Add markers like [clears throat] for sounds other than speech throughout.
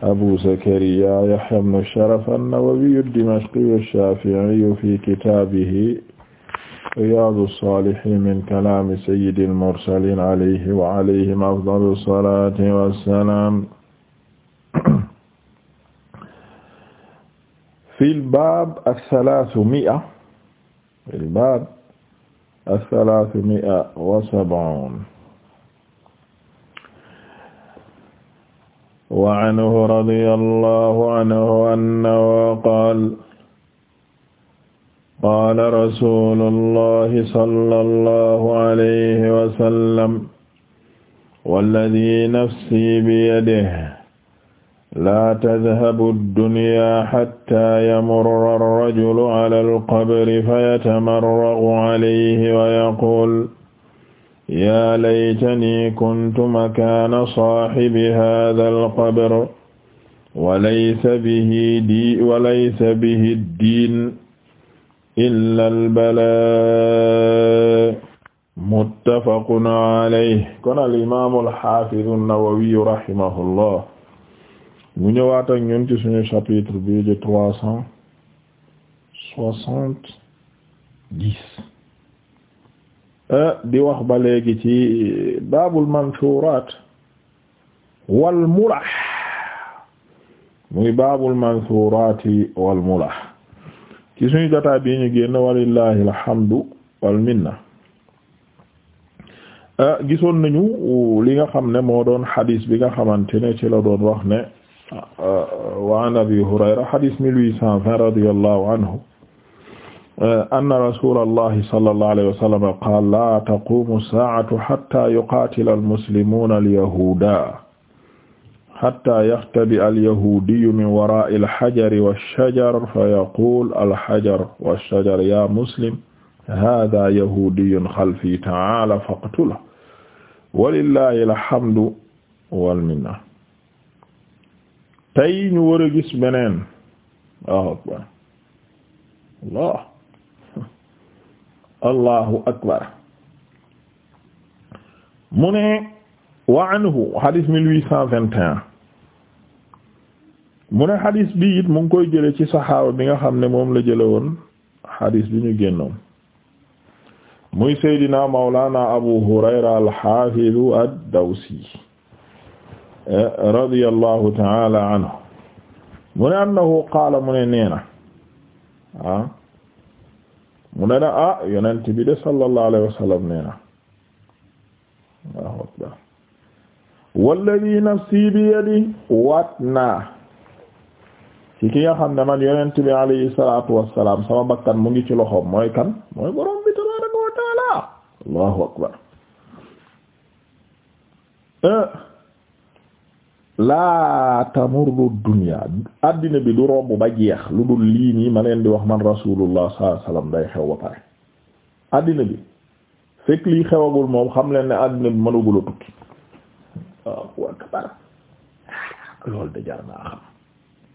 abu zakariya yahya bnu sharaf annawawiyu dimashqiyu shaafi'iyu fi kitaabihi riyaadu saalihiin min kalaami sayyidil mursaliin alayhi wa alayhim afdalu salaati wa salaam. [clears throat] fil baab assalaasu mi'a fil baab assalaasu mi'a wa sab'uun wa anhu radiyallahu anhu annahu qaala qaala rasuulullahi sallallahu alayhi wa sallam walladii nafsii biyadihi laa tadhabu ad-dunyaa hattaa yamurra ar-rajulu alal qabri fayatamarraqu alayhi wa yaquulu yaa laytani kuntu makaana saaxibi haadhal qabr wa laysa bihi di wa laysa bihi diin illa albalaa muttafaqun alayhi kon al imaamu alxaafidu nawawiyu rahimahullah ñu ñëwaat ak ñun ci suñu chapitre bi de trois cent soixante-dix Eh, di wax ba léegi ci eh, baabul mansuuraat wal mulah muy baabul mansuuraati wal mulah ci suñu jotaa bi ñu génn walillahi alhamdu wal minna eh, gisoon nañu uh, li nga xam ne moo doon xadis bi nga xamante ne ci la doon wax ne wa an abi hurayra xadis mille huit cent radiyallahu anhu anna rasulallahi sallallahu alayhi wa sallam qaala laa taquumu saa'atu hattaa yuqaatila al-muslimuuna al-yahuuda hattaa yaxtabi'a al-yahuudiyyu min waraa'i al-hajari wash-shajar fayaquulu al-hajaru wash-shajaru yaa muslim haadaa yahuudiyyun xalfii ta'aalaa faqtulhu walillaahi al-hamdu wal-minna. tey ñu war a gis beneen waaw waaw. allahu akbar mu ne wa anhu hadis mille huit cent vingt et mu ne hadis bi it mu ngi koy jële ci saxaaba bi nga xam ne moom la jële woon hadis bi ñu génnoon muy seydina mawlana abu hurayra alxafidu ad-dawsi radiyallahu taala anhu mu ne annahu qaala mu ne neena ah, mu ne na ah yonent bi de sallallahu alayhi wa sallam nee na waaw waaw walladi nafsi bi yadi waat ki nga xam ne man yonent bi alayhi salaatu wassalaam sama bakkan mu ngi ci loxoom mooy kan mooy borom bi tabaaraka wa taala allahu akbar eh, laa tamurru dunya addina bi du romb ba jeex lu dul lii nii ma leen di wax man rasulullah sallallahu alayhi wasallam day xew ba pare addina bi fekk lii xewagul moom xam leen ne àddina bi mënagul a tukki waaw wa akbar loolu de jar naa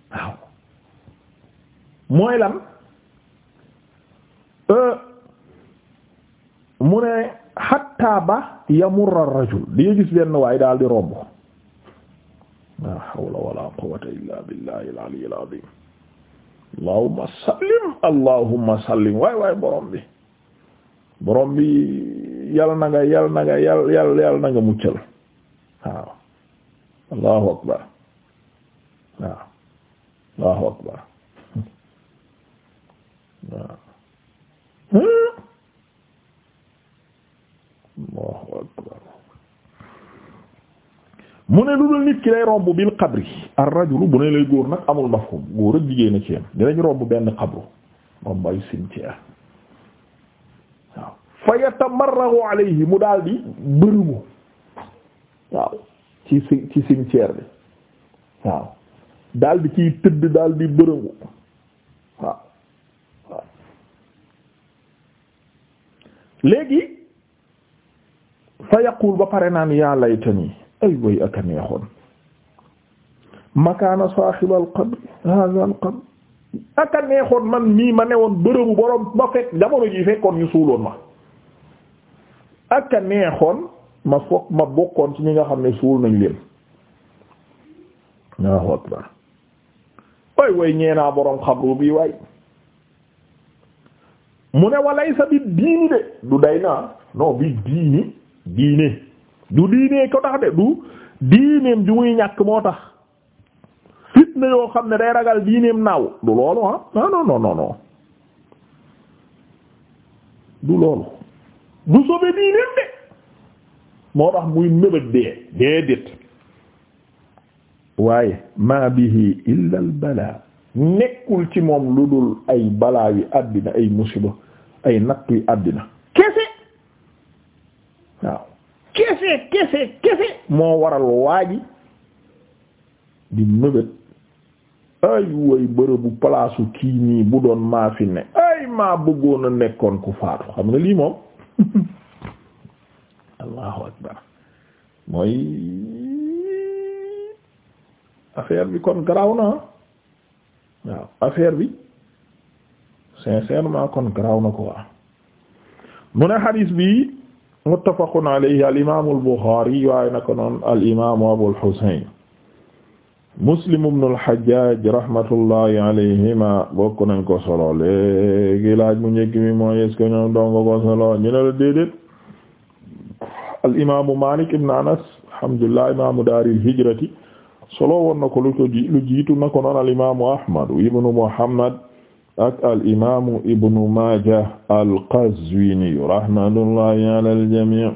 xam mooy lan euh, mu ne xatta ba yamurra rajul di gis benn waaye daal di romb la hawla wala quwwata illa billahi al-ali al-azim allahumma sallim allahumma sallim waay waay borom bi borom bi yal na nga yal na nga yal yal yal na nga muccal waaw allahu akbar waaw allahu akbar [laughs] waaw hmm? mu ne lu dul nit ki lay romb bil qabri ar rajulu bu ne lay góor nag amul mafhum góor ak jigéen a ci yam dinañ romb benn qabru romb ay cimetière waaw fa yatamarragu alayhi mu daal di bërëbu waaw ci ci cimetière bi waaw daal di ciy tëdd daal di bërëbu waaw léegi fa yaqul ba pare naan yaa laytani ay way ak a neexoon makaana saaxibal qabr haazal qabr ak a neexoon man mii ma newoon bërëbu borom ba fekk jamono ji fekkoon ñu suuloon ma ak a neexoon ma foog ma bokkoon ci ñi nga xam ne suul nañ leen Allahu akbar way way ñeenaa borom xabru bi waay mu ne walaysa bi diini de du day naa non bi diini diine du diinee ko tax de du diineem ju muy ñàkk moo tax fitna yoo xam ne day ragal diineem naaw du loolu ah non non non du loolu du sobe diineem de moo tax muy nëbët dee déedéet waaye ma bihi illa al balaa nekkul ci moom lu dul ay balaa yu àddina ay musiba ay nattu yu àddina moo waral waa ji di mëbët ay way bërëbu palaasu kii nii bu doon maa fi ne ay maa bëggoon nekkoon ku faatu xam nga lii moom [laughs] allahu akbar mooy affaire bi kon garaaw na waaw affaire bi sincèrement kon garaaw na ko waa mu ne xadiis bi muttafaqun alayhi al imaamu waaye naka noonu al imaamu Abul Muslim ibn al rahmatullahi alayhima bokk nañ ko solo laaj mu njëkk mi mooy est ñoom dongo ko solo ñu ne la déedéet al Anas alhamdulillah imaamu daaril hijrati solo woon ko lu jiitu na ko noonu Ahmad ibn Muhammad ak al imaamu ibnu Maaja al Qazwini rahmatullahi ala al jamii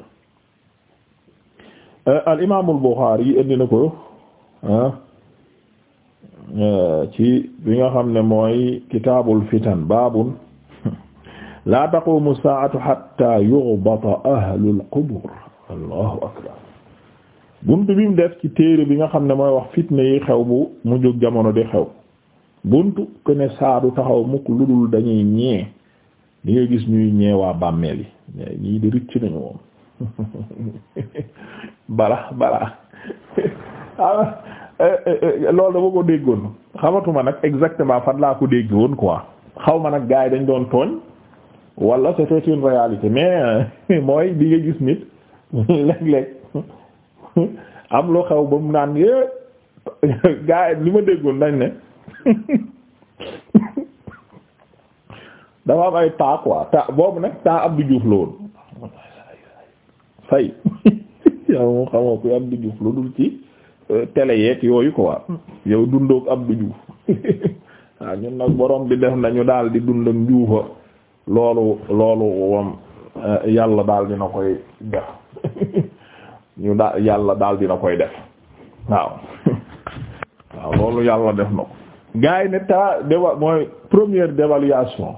eh, al imaamul Buxaari indi na ko ah, eh, ci bi nga xam ne mooy kitaabul fitan baabun [laughs] laa taqumu saa'atu hatta yughbata ahlul qubur allahu akbar buntu bi mu def ci téere bi nga xam ne mooy wax fitna yi xew bu mu jóg jamono di xew. buntu que ne saa taxaw mukk lu dul dañuy ñee li ngay gis ñuy ñee waa bàmmeel yi ñii di rëcc nañu moom [laughs] bala bala [laughs] ah, eh, eh, eh, loolu dama ko déggoon xamatuma nag exactement fan laa ko dégg woon quoi xaw ma nag gars yi dañ doon tooñ wala c'était une réalité mais euh, [laughs] mooy di nga gis nit léeg-léeg am lu xew ba mu naan yé gars yi li ma déggoon dañ ne [laughs] dafa am ay taa quoi taa boobu nag taa Abdou Diouf la woon fay [laughs] yow moo xamoo ko Abdou Diouf la dul ci euh, télé yeeg yooyu quoi yow dundoog Abdou Diouf waaw [laughs] ah, ñun nag borom bi def nañu daal di dund ak njuufa loolu loolu wam euh, yàlla daal dina koy def ñu daal yàlla daal dina koy def waaw waaw loolu yàlla def na ko gars yi ne ta déva mooy première dévaluation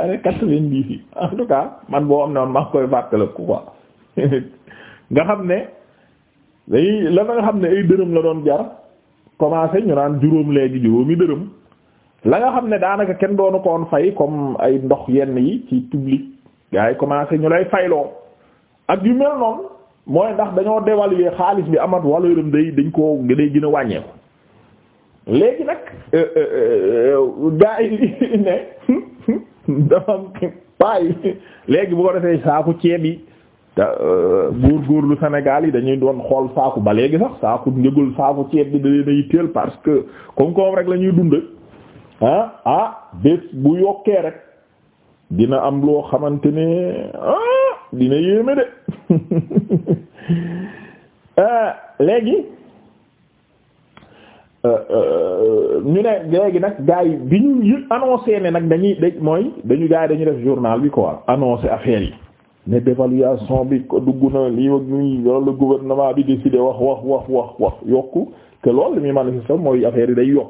année [laughs] quatre-vingt-dix yi en tout cas man boo am ne woon maa ngi koy fàttaliku quoi [laughs] nga xam ne dañuy la nga xam ne ay dërëm la doon jar commencé ñu naan juróom léegi juróomi dërëm la nga xam ne daanaka kenn doonu ko woon fay comme ay ndox yenn yi ci public gars yi commencé ñu lay fayloo ak yu mel noonu mooy ndax dañoo dévaluer xaalis bi amat wàllu day dañ koo day gën a wàññeeku. léegi nag euh, euh, euh, gaa yi [laughs] ne dafa am paay léegi boo defee saaku ceeb yi te góor góorlu Sénégal yi dañuy doon xool saaku ba léegi sax saaku njëgul saaku ceeb bi da leen a yitteel parce que comme comme rek lañuy dund ah, ah bés bu yokkee rek dina am loo xamante ne ah dina yéeme de [laughs] ah, léegi. Euh, euh, ñu ne léegi nag gars yi bi ñu annoncé ne nag dañuy da mooy dañu gars dañu dañuy def journal bi quoi annoncé affaire yi ne dévaluation bi ko dugg na lii wag ñuy loolu gouvernement bi décidé wax wax wax wax wax yokku te loolu li muy manifesté mooy affaire yi day yokk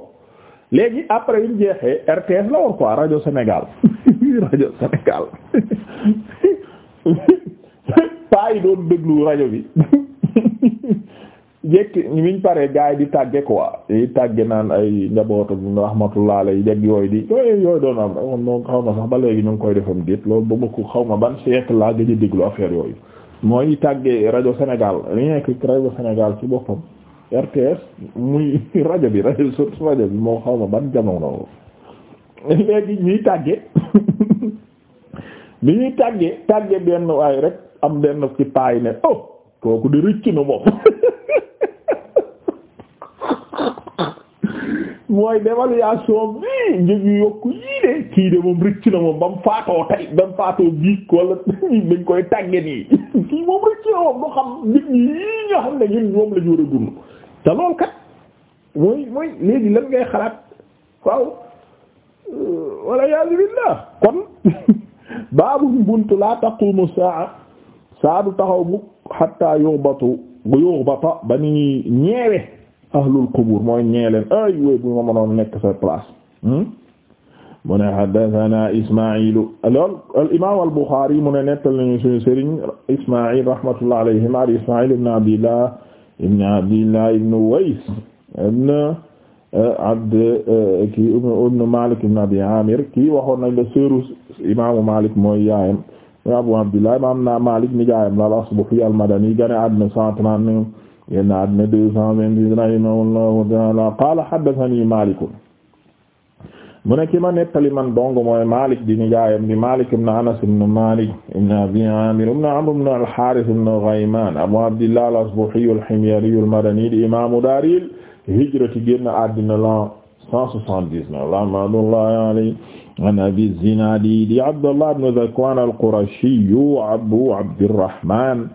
léegi après yu jeexee RTS la woon quoi rajo Sénégal [laughs] rajo Sénégal [laughs] paa yi doon déglu rajo bi [laughs] jekki miñ paree gaay di tàgge quoi di tàgge naan ay njabootu rahmatullah alay jeg yooyu di yooyu yooyu doon am moom moom xaw ma sax ba léegi ñu ngi koy defam déet loolu ba bëgg xaw ma ban siècle laa gëj a déglu affaire yooyu mooy tàgge rajo Sénégal rien que rajo Sénégal ci boppam RTS muy [laughs] rajo bi rajo surtout rajo bi moo xaw ma ban jamono léegi ñuy tàgge [laughs] bi ñuy tàgge tàgge benn waay rek am benn ci paay ne oh kooku di rëcc na moom [laughs] mooy dévaluation bi njëg yu yokku yii de kii de moom rëcc na moom ba mu faatoo tay ba mu faatoo giik wala [laughs] dañ koy tàgge nii [laughs] kii moom rëcc na moom du xam nit ñi yii ñoo xam ne ñun moom la ñu war a dund te lool kat mooy mooy léegi lan ngay xalaat waaw wala yaasu kon [laughs] baabu buntu laa taqumu saa saa du taxaw bu xatta yuxbatu bu yuxbata ba ni ñeewe ahlul qubur mooy ñeeleen ay wooy bu ma mënoon nekk sa place hmm? mu ne haddathana ismailu lool al imam al bukhari mu ne nettal nañu suñu sëriñ ismail rahmatullah alayhi ma ismail ibn abdillah ibn abdillah ibn uwais ibn eh, abd eh, ki ibn malik ibn abi amir ki waxoon nañ la seeru imamu malik mooy yaayam abu abdillah imam na malik ni yaayam la al asbahi al madani gane adna yéen a addina deux cent vingt-six rahimahullahu ta'ala qaala haddathanii Maalik mu ne ki ma nettali man dong mooy Maalik di nijaayam di Maalik ibn Anas ibn Maalik ibn Abi Aamir ibn Amr ibn al-Haarith ibn Ghaymaan Abu Abdillah al-Asbahi al-Himyari al-Madani di imaamu daaril hijra génn addina la 179 rahmatullahi alayhi an Abi Zinaad di Abdullah ibn Zakwaan al-Qurashi Abu Abdirrahmaan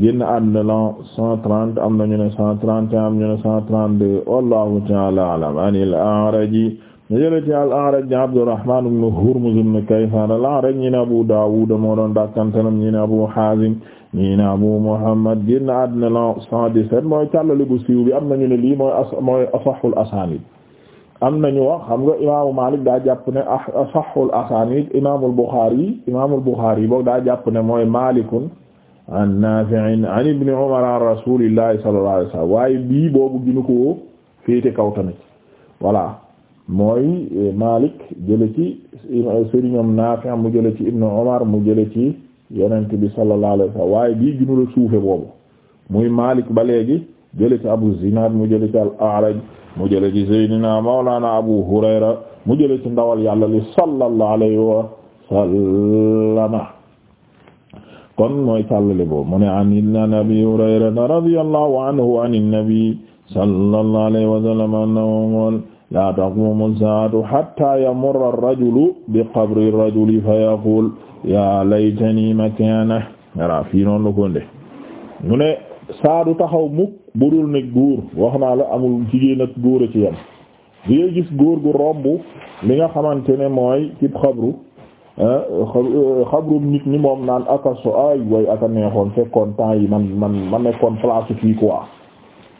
génn àdduna lan 130 am na ñu 131 am nañu ne 132 wallahu ta'ala a'lam anil A'raj ñu jële ci al-A'raj Abdurrahman ibn Hurmuz ibn Kaysan al-A'raj ñi ne Abu Dawud moo doon dakkantalam ñi ne Abu Hazim ñi ne Abu Muhammad génn àdduna lan 117 mooy càllale bu siiw bi am na ñu lii mooy as mooy asahhul asanid am nañu wax xam nga imaamu Malik daa jàpp ne asahhul asanid imaamul Bukhari imaamul Bukhari boog daa jàpp ne mooy Malikun an Naafi' an ibni Umar an rasuulillahi sallallahu alayhi waaye bii boobu ginu ko féete kaw tamit mooy eh, Malik jële ci eh, sëriñam Naafi' mu jële ci ibni Umar mu jële ci yonent bi sallallahu alayhi waaye bii ginu suufe boobu muy Malik ba léegi jële ci Abu Zinaad mu ci al-A'raj mu jële ci Seydina Mawlana Abu Hurayra mu jële ci ndawal Yàlla li sallallahu alayhi kon mooy càllale boobu mu ne an abi hurayrata radiyallahu anhu an nabi sallallahu alayhi wa sallam annahu qaala laa taqumu saa'atu hattaa yamurra ar-rajulu bi qabri ar-rajuli fa yaqulu yaa laytanii makaanahu wala fii noonu la ko nde mu ne saa du taxaw mukk budul ne góor wax naa la amul jigéen ak góor a ci yam li ngay gis góor gu romb li nga xamante ne mooy ci xabru xabrum nit ñi moom naan akaso ay way aka neexoon fekkoon temps yi man man ma nekkoon place kii quoi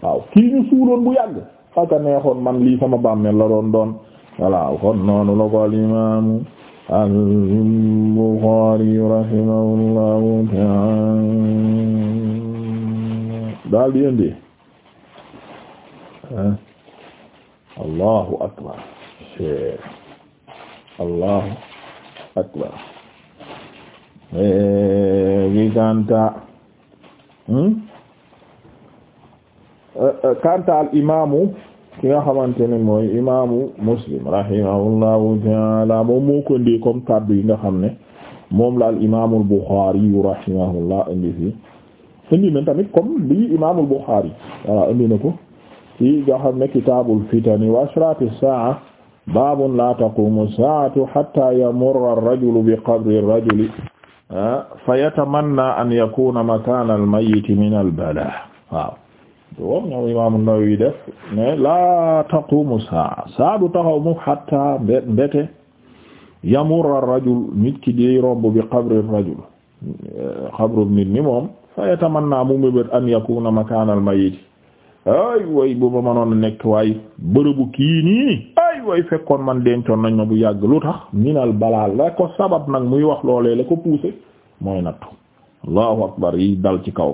waaw kii ñu suuloon bu yàgg aka neexoon man lii sama bàmmeel la doon doon voilà kon noonu la ko al imaamu al Buxaari rahimahullahu ta'ala daal di indi allahu akbar allahu akbar gi kanta al imamu ki nga xamante ne mooy imamu muslim rahimahullahu taala moom moo ko ndi comme kaddu nga xam ne moom la al imamu al bukhari rahimahullah indi fi indi na tamit comme bi wala indi na ko ci fitani wa saa baabun laa taqumu saatu hatta yamurra rajulu bi qabri rajuli fayatamanna an yakuna makaana almayiti min albala waaw woom ñoom imaamu Nawawi def mais laa taqumu saa saa du taxaw mu hatta mbete yamurra rajul nit ki di romb bi qabri rajul eh, qabru nit ni moom fayatamanna mu mébét an yakuna makaana almayiti ay way bu ma mënoon nekk waay bërëbu kii nii way fekkoon man dencoon nañ ma bu yàgg lu tax minal balaal la ko sabab nag muy wax loolee la ko poussé mooy nattu allahu akbar yi dal ci kaw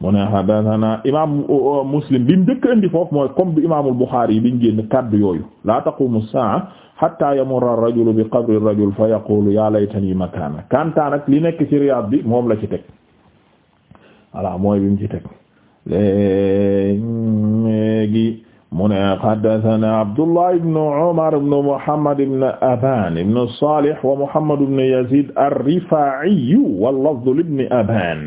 mu ne haddathana imam uh, uh, muslim bi mu njëkk indi foofu mooy comme bi imamul Bukhari yi biñ génn kàdd yooyu la taqumu saa hatta yamurra ar-rajulu bi qabri ar-rajul fa yaqulu ya laytani makana kanta li nekk ci Riyad bi moom la ci teg voilà mooy bi mu ci teg mu ne haddathana Abdullah ibn Umar ibn Muhammad ibn Aban ibn Salih wa Muhammad ibn Yazid ar-Rifa'i wal lafz ibn Aban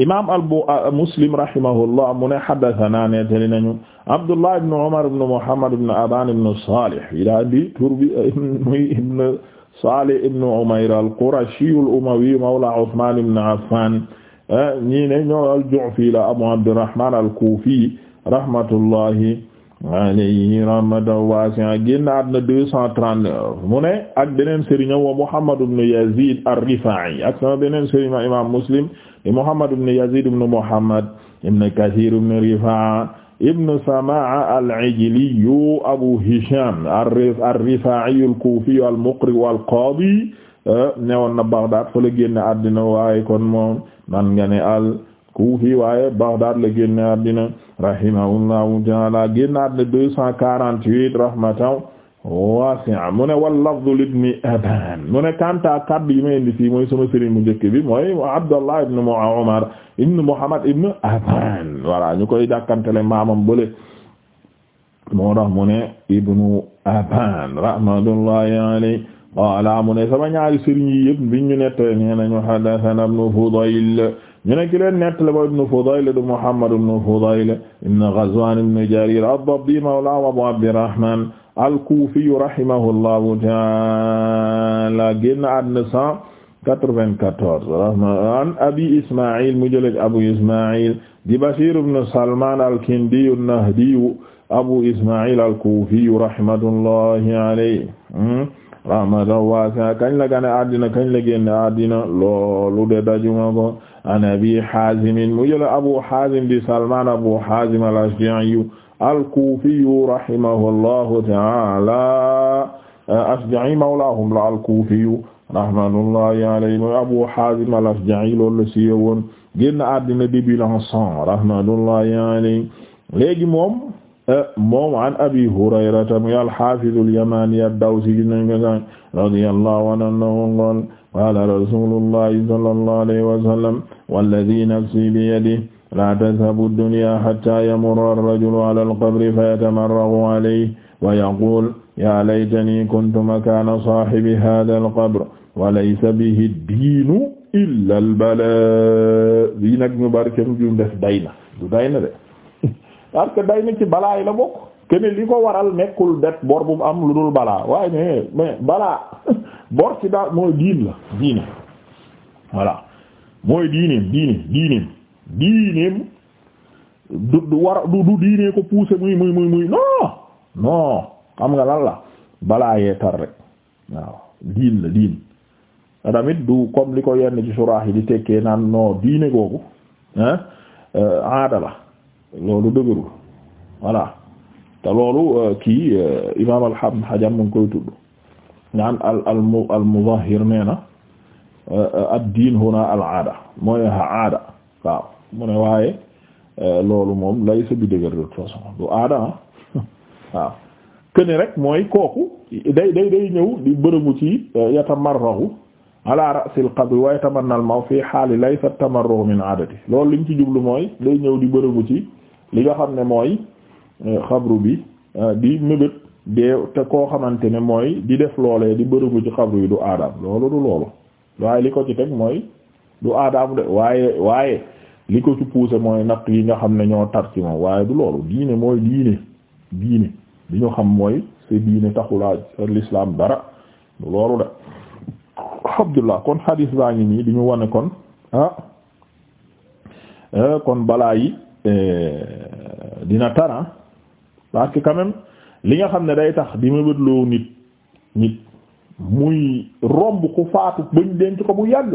imam uh, Muslim rahimahullah mu ne haddathana nettali nañu Abdullah ibn Umar ibn Muhammad ibn Aban ibn Salih ila bi tur bi uh, muy ibn Salih ibn Umayr al-Qurashi al-Umawi mawla Uthman ibn Affan uh, ñi ne ñoo al-Ju'fi la Abu Abdurrahman al-Kufi rahmatullahi alayhi rahmatan wasi'a génnaat na deux cent trente-neuf mu ne ak beneen sëriñ wa Muhammad ibn Yazid ar-Rifa'i ak sama beneen sëriñ wa imam Muslim di Muhammad ibn Yazid ibn Muhammad ibn Kathir ibn Rifa'a ibn Sama'a al-Ijli Abu Hisham ar-Rifa'i al-Kufi al-Muqri wal-Qadi eh, newoon na Baghdad fa la génn àddina waaye kon moom man nga al Kuufi waaye Baghdad la génn àddina rahimahullahu ta'ala génn àddina deux mu ne wal libni Aban mu ne kanta kaddu yi ma indi fii mooy sama sëriñ mu njëkk bi mooy Abdallah ibn Umar ah, ibn Muhammad ibn Aban voilà ñu koy dàkkantele maamam bële moo mu ne ibnu Aban rahmatullahi alayhi qala mu ne sama ñaari sëriñ yi yëpp biñ ñu nette nee nañu haddathana ibn Fudayl ñu ne ki leen nettale ba ibnu Fudayl Muhammad ibnu Fudayl Abu Abdirrahman al-Kufi rahimahullahu ta'ala génn àdduna cent quatre-vingt-quatorze an Isma'il mu Abu Isma'il di Bashir ibnu Salman al-Kindi Abu Isma'il al-Kufi rahmatullahi alayhi rahmatan waasi'a kañ la gane àddina kañ la génn àddina loolu an abi hazim mu jël abu hazim di salman abu hazim al-ashja'i al-kufi rahimahullahu ta'ala ashja'i mawlahum la al-kufi rahmatullahi alayhi mooy abu hazim al-ashja'i loolu la siiwe woon génn àddina début l'an cent rahmatullahi alayhi léegi moom euh, moom an abi hurayrata muy al-hafiz al-yamani ad-dawsi radiyallahu anhu qaala rasulullahi sallallahu alayhi wa sallam walladhi nafsi biyadihi laa tadhabu ad-dunya hatta yamurra ar-rajulu ala al-qabri fayatamarragu alayhi wa yaqulu ya laytani kuntu makaana saahibi haadha al-qabr wa laysa bihi ad-diinu illa al-balaa yi nag ñu bari kenn du def dayna du dayna de [laughs] parce que dayna ci balaa yi la bokk kenn li ko waral nekkul det bor bu am lu dul balaa waaye mais balaa [laughs] bor ci daal mooy diin la diine voilà mooy diineem diineem diineem du du war du du ko pousser muy muy muy muy non xam nga lan la balaa yee tar rek waaw diin la diin te tamit du comme li ko yenn ci suraax yi di tekkee naan non diine googu ah aada loolu dëgërul voilà te loolu euh, kii euh, imaam alxam xajar mu koy tudd ñaan al al mu al mudahhir nee na euh, euh, ad diin huna al aada mooy aada waaw mu ne waaye euh, loolu moom lay sa bi dëgër de toute façon du aada ah. [laughs] waaw këne rek mooy kooku day day day ñëw di bërëmu ci yatamarrahu ala ra'sil qabri wa yatamanna al maw fi xaali laysa tamarruhu min aadati loolu liñ ci jublu mooy day ñëw di bërëmu ci li nga xam ne mooy xabru bi di mébét dee te koo xamante ne mooy di def loolee di bërëbu ci xabru yi du aadaam loolu du loolu waaye li ko ci teg mooy du aadaam de waaye waaye li ko ci poussé mooy natt yi nga xam ne ñoo tar ci moom waaye du loolu diine mooy diine diine li ñu xam mooy c'est diine taxulaa l'islam dara du loolu de alhamdulillah kon hadis baa ngi nii di ñu wane kon ah eh, kon balaa yi eh, dina tara ah. parce que li nga xam ne day tax di mébétloo nit nit muy romb ku faatu bañ denc ko bu yàgg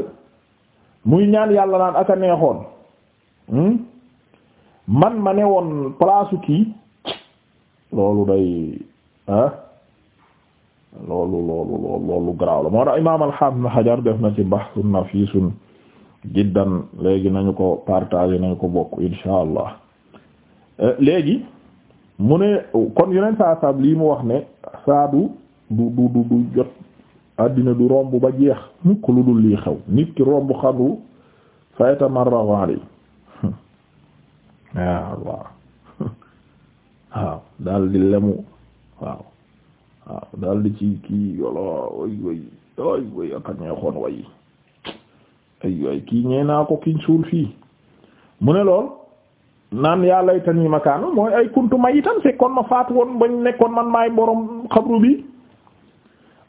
muy ñaan yàlla naan aka neexoon hmm? man ma ne woon palaasu kii loolu day ah loolu loolu loolu garaaw la moo tax imaam al-Hafiz Ibn def na ci bahsun nafisun jiddan léegi nañu ko partager nañu ko bokk insha allah eh, léegi mu ne kon yeneen saa saab lii mu wax ne saa du du du jot àddina du romb ba jeex mukk lu dul lii xew nit ki romb xabru fa yatamarragu alayhi waaw waaw daal di lemu waaw waaw daal di ci kii yolo oy oy oy way ay way kii ñee ko kiñ suul fii mu ne lool naan yaa laytanii makaana mooy ay kuntu mayitan fekkoon ma faatu woon nekkoon man maay borom xabru bi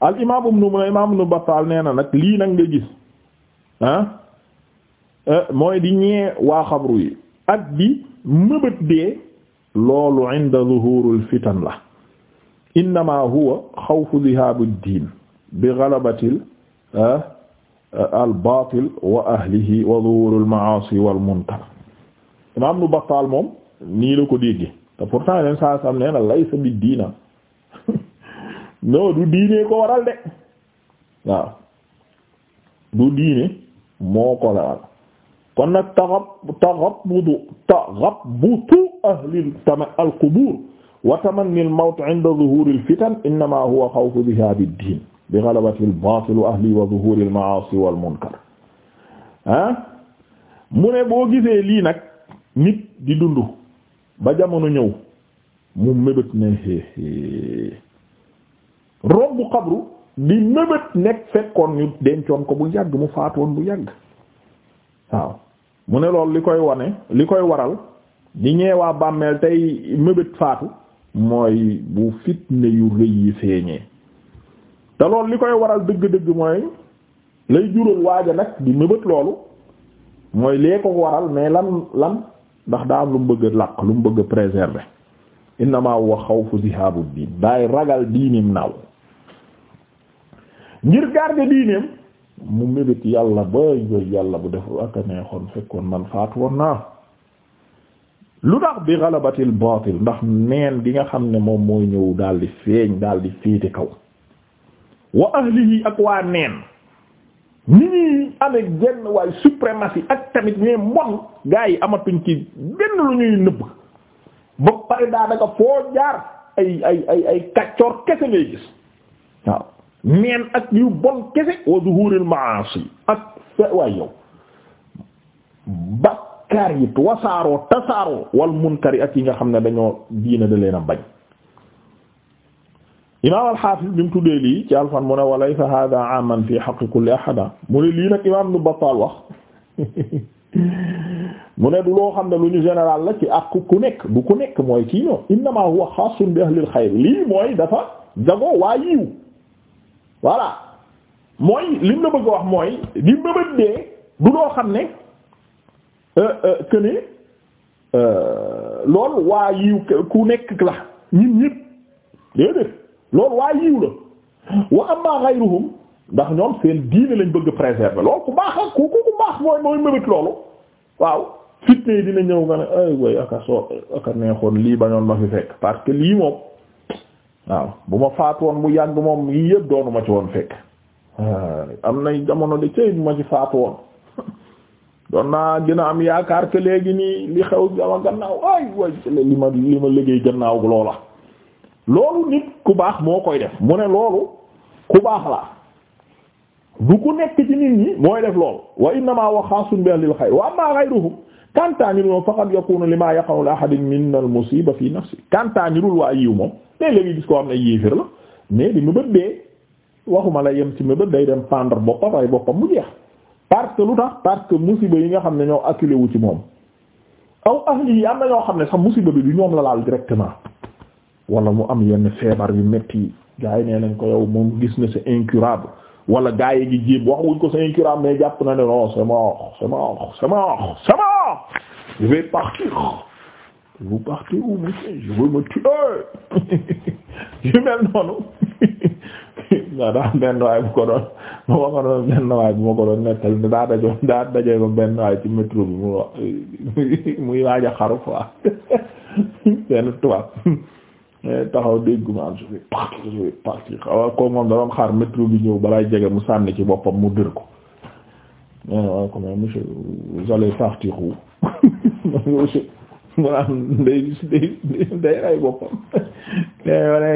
al imaam ibnu mu nee na nag lii nag nga gis ah eh, mooy di ñee waa xabru yi ak mëbët dee loolu inda zuhuril fitan la innama huwa xawfu dhihaabi diin bi ghalabatil eh, al baatil wa ahlihi wa zuhuril ma'aasi wal munkar imaam nu Battaal moom nii la ko dégge te pourtant yeneen saa sam nee na lay sa bi diina [laughs] non du diine ko waral de waaw du diine moo ko waral kon nag taxab taxabudu taxabutu ahli al qubur wa tamanni al mawt inda zuhuri al fitan innama huwa xawfu dhihaabi diin bi ghalabati al baatil wa ahli wa zuhuri al ma'aasi wal munkar ah mu ne boo gisee lii nag nit di dund ba jamono ñëw mu mébét ne romb xabru di mébét nekk fekkoon ñu dencoon ko bu yàgg mu faatoon bu yàgg waaw mu ne loolu li koy wane li koy waral di ñeewaa bàmmeel tey mébét faatu mooy bu fitne yu rëy yi feeñee te lool li koy waral dëgg-dëgg mooy lay jural waaja nag di mébét loolu mooy lee ko waral mais lan lan ndax daa am lu mu bëgg làq lu mu bëgg a préserver innama wa xawfu zihabu diin daay ragal diinim naaw ngir garder diineem mu mébét yàlla ba yàlla bu def ak a neexoon fekkoon man faatu woon naa lu tax bi galabatil baatil ndax neen gi nga xam ne moom mooy ñëw dal di feeñ daal di féete kaw wa ahlihi ak waa neen ni ñuy amee genn waaye suprématie ak tamit ñee mbon gaa yi amatuñ ci benn lu ñuy nëbb ba pare daanaka foo jaar ay ay ay kaccoor kese ngay gis waaw neen ak yu bon kese wa zuhuril maasi ak fe waay yow bakkaar yi wasaaroo tasaaroo wal munkari ak yi nga xam ne dañoo diina da leen a bañ imaam al-Hafiz bi mu tuddee lii ci alfan mu ne walaysa hada aman fi haqqi kulli ahada mu ne lii nag imaam Ibn Battal wax [laughs] mu ne du loo xam ne lu ñu général la ci ak ku nekk du ku nekk mooy kii ñoo innama huwa xaasun bi ahlil xayr lii mooy dafa jagoo waa yiw voilà mooy lim la bëgg a wax mooy di mëbët dee du loo xam ne euh, euh, que ne euh, loolu waa yiw ku nekk la ñun ñëpp déedéet loolu waa yiw la wa amma ghayruhum ndax ñoom seen diine lañ bëgg préserver loolu ku baax ak ku ku baax mooy mooy mëbët loolu waaw fitne dina ñëw nga ne ay way aka soo aka neexoon lii bañoon ma fi fekk parce que lii moom waaw bu ma faat woon mu yàgg moom yii yëpp doonu ma ci woon fekk ah, am nay jamono de cëy bu ma ci faat woon [laughs] doon naa gën a am yaakaar que léegi nii li xew sama gannaaw ay way li ma li ma liggéey gannaaw loola loolu nit ku baax moo koy def mu ne loolu ku baax la du ku nekk ci nit ñi mooy def loolu wa innama wa wax bi ahlil xayr wa amma ghayruhum kantaa ñi dul moom faqad yakunu lima yaqaw li ahadin min al musiba fi nafsi kantaa ñi dul waa yiw moom léeg-léegi gis koo xam ne yéefir la mais di mëbët dee waxuma la yem ci ma mëbët day dem pendre boppam ay boppam mu jeex parce que lu tax parce que musiba yi nga xam ne ñoo acculé wu ci moom aw ahli yi am na ñoo xam ne sax musiba bi du ñoom la laal directement wala mu am yenn feebar yu metti gars yi nee nañ ko yow moom gis na c'est incurable wala gars yi gi jéem wax wuñ ko c'est incurable mais jàpp na ne non c'est mort c'est mort c'est mort c'est mort je vais partir vous partez où monsieur je vais me tuer [laughs] yu mel noonu waaw [laughs] daa benn waay bu ko doon bu ma ko doon benn waay bu ma ko doon nettal daa dajoo daa dajee ko benn waay ci métro bi mu [laughs] muy waaja xaru quoi benn tubaab taxaw dégg ma am su fi pax su ko moom dama xaar métro bi ñëw balay jege mu sànni ci boppam mu dër ko mais waaye [laughs]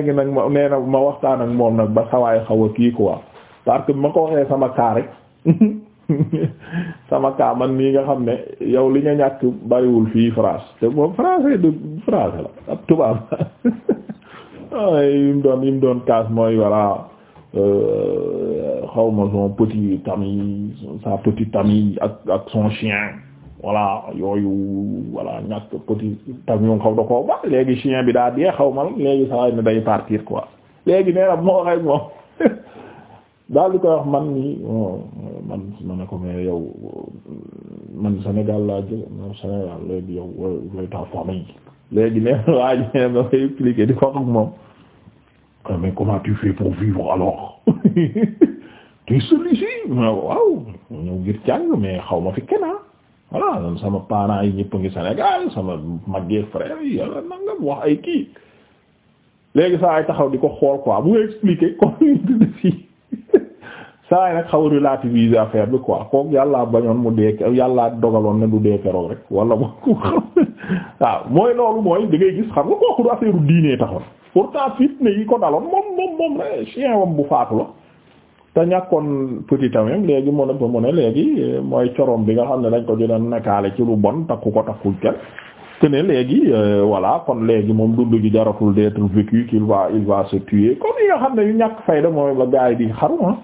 mu naan [laughs] ma waxtaan ak moom nag ba sawaay xaw a kii quoi parce que ma ko waxee sama kaa rek [laughs] sama kaa man nii nga xam ne yow li nga ñàkk bariwul fii France te moom français de français la ab tubaab Ah, yi mu doon yi mu doon kaas mooy voilà euh, xaw ma son petit ami sa petite amie ak ak son chien voilà yooyu voilà ñàkk petit ami yu xaw da ko ba léegi chien bi daa dee xaw ma léegi saa yi ne day partir quoi léegi nee na moo xëy moom [laughs] daal di koy wax man ni man ma ne ko mais yow man Sénégal laa jël Sénégal léegi yow looy ta famille léegi nee na [laughs] waa ji nee na expliquer di ko ak moom ah, mais comment tu fais pour vivre alors [laughs] tu es waaw ñëw ngir jàng mais xaw ma fi kenn ah. voilà sama parents yi ñëpp ngi Sénégal sama magge frère yi yàlla nangam wax ay kii léegi saa ay taxaw di ko xool quoi bu nga expliquer [laughs] comme ni fii saa yi nag xaw a relativiser affaire bi ko kooku yàlla bañoon mu dee yàllaa dogaloon ne du dee keroog rek wala moom ku xam. waaw mooy loolu mooy da ngay gis xam nga kooku du affaire diine taxoon pourtant fitne yi ko daloon moom moom moom la chien wam bu faatu la te ñàkkoon petit amem léegi mu ne mu ne léegi mooy corom bi nga xam ne dañ ko dina nakaale ci lu bon takku ko takkul kenn te ne léegi euh, voilà kon léegi moom dund gi jaratul d'être vécu qu'il va il comme yi nga xam ne yu ñàkk fayda mooy la gaay di xaru ah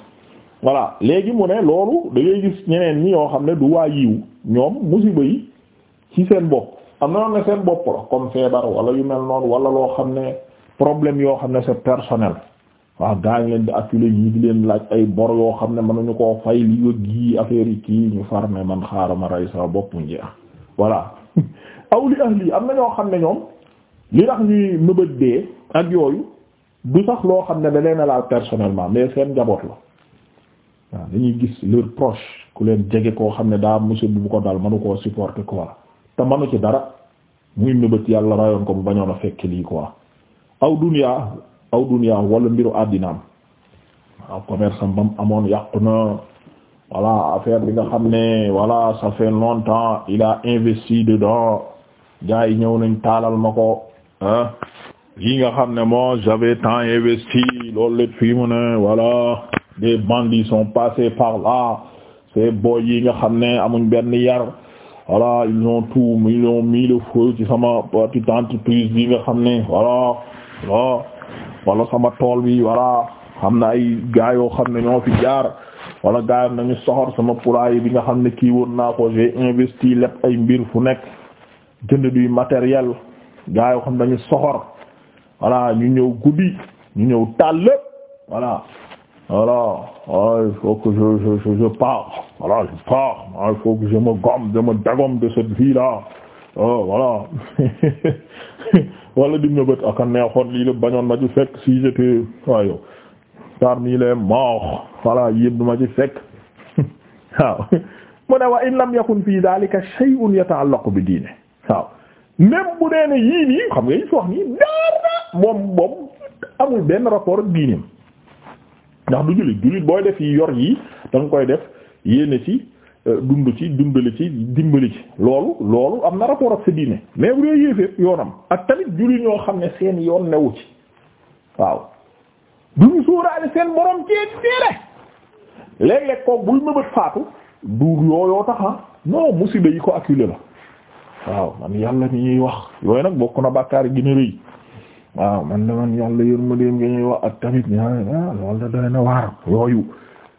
voilà léegi mu ne loolu dangay gis ñeneen ñi yoo xam ne du waa yiw ñoom musiba yi ci seen bopp am na ne seen bopp la comme feebar wala yu mel noonu wala loo xam ne problème yoo xam ne c'est personnel waaw gaañ leen di acculé ñii leen laaj ay bor yoo xam ne mënuñu koo fay li yii affaire yi ñu far ne man xaaral ma rey sama bopp njeex voilà [laughs] aw li xam ne ñoom li tax ak yooyu du loo xam ne da leen a laal seen njaboot la waaw dañuy gis leur proche ku leen jege koo xam ne daa musiba bu ko dal mënu koo supporter quoi. te manu ci dara muy nëbët yàlla rayoon ko bu bañoon a fekk lii quoi aw duniyaa aw duniyaa wala mbiru àddinaam waaw commerce am amoon yàqu na voilà affaire bi nga xam ne wala ça fait longtemps il investi dedans gars yi ñëw nañ taalal ma ko ah yi nga xam ne moo j'avais temps investi loolu lépp fii mu ne voilà des bandits sont passés par là ces boy yi nga xam ne amuñ benn yar wala ils ont tout ils ont mis le feu ci sama petite entreprise bi nga xam ne voilà voilà wala sama tool bi voilà xam na ay gars yoo xam ne ñoo fi jaar wala gars nañu soxor sama poulailler bi nga xam ne kii woon naa ko j'ai investi lépp ay mbir fu nekk jënd du matériel gars yoo xam ne dañu soxor voilà ñu ñëw guddi ñu ñëw taal lépp voilà voilà ah, il faut que je je je, je parte voilà je pars ah, il faut de cette vie là ah, oh [laughs] wala dim na bët aka neexoon lii la bañoon ma ci fekk si j'étais waayo parmi les morts voilà yëpp ma ci fekk [laughs] waaw mu ne wa in lam yakun fii daalika shay'un yata'allaqu bi diine waaw même bu dee ne xam nga yi wax nii dara moom moom amul benn rapport ak diineem ndax du jullit jullit booy def yi yor yi da koy def yéene ci euh, dund ci dundali ci dimbali ci loolu loolu am na rapport ak sa diine mais bu dee yéefee yoonam ak tamit jullit ñoo xam ne seen yoon newu ci waaw duñu sóoraale seen borom ci diine léeg-léeg koog buy mëbët faatu duur yooyoo taxa ah. non musiba yi ko acculé la waaw man yàlla mi ñuy wax yooyu nag bokk na bàkkaar gën a rëy waaw man de man yàlla yërmandeem gi ñuy wax ak tamit ñaar loolu da doy na yooyu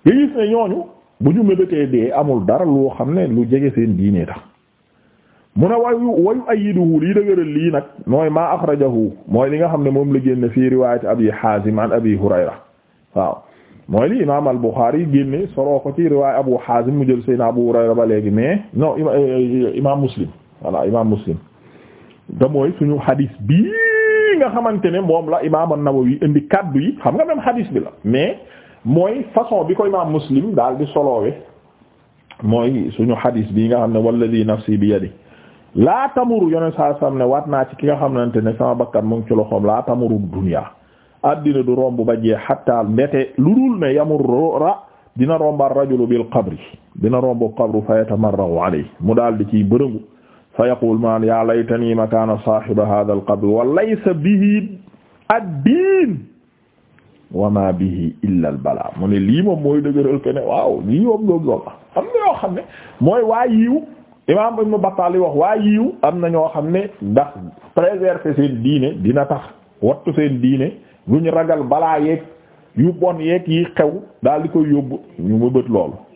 nga gis ne ñooñu bu ñu mébétee dee amul dara loo xam ne lu jege seen diine tax mu ne wayu wayu ayiduhu lii dëgëral lii nag mooy maa axrajahu mooy li nga xam ne moom la génne fii riwaayati abi Haazim an abi Hurayra waaw mooy li imaam al Buxaari génne soroo ko ci riwaaya abu Haazim mu jël seen abu Hurayra ba léegi mais non imaam Muslim voilà imaam Muslim da suñu hadis bii lii nga xamante ne moom la imaam an-Nawawi indi kaddu yi xam nga même hadis bi la mais mooy façon bi ko imaam Muslim daal di soloowe mooy suñu hadis bii nga xam ne walladhi nafsi bi yadi laa tamuru yoneen saa sam ne waat naa ci ki nga xamante ne sama bakkan mu ngi ci loxoom laa tamuru dunya addina du romb ba jee xatta mbete lu dul ne yamur ra dina romba rajulu bil qabri dina romb qabru fa yatamarrahu alayhi mu daal di ciy bërëngu fa yaqul man ya laytani makana sahiba hadha alqabr wa laysa bihi ad-din wa bihi illa al mu ne lii moom mooy dëgëral ke ne waaw lii moom loolu loolu am na yoo xam ne mooy waa yiw imam Ibn Battal wax waa yiw am na ñoo xam ne ndax préserver seen diine dina tax wattu seen diine lu ñu ragal balaa yeeg yu bon yeeg yi xew daal di koy yóbbu ñu ma bët loolu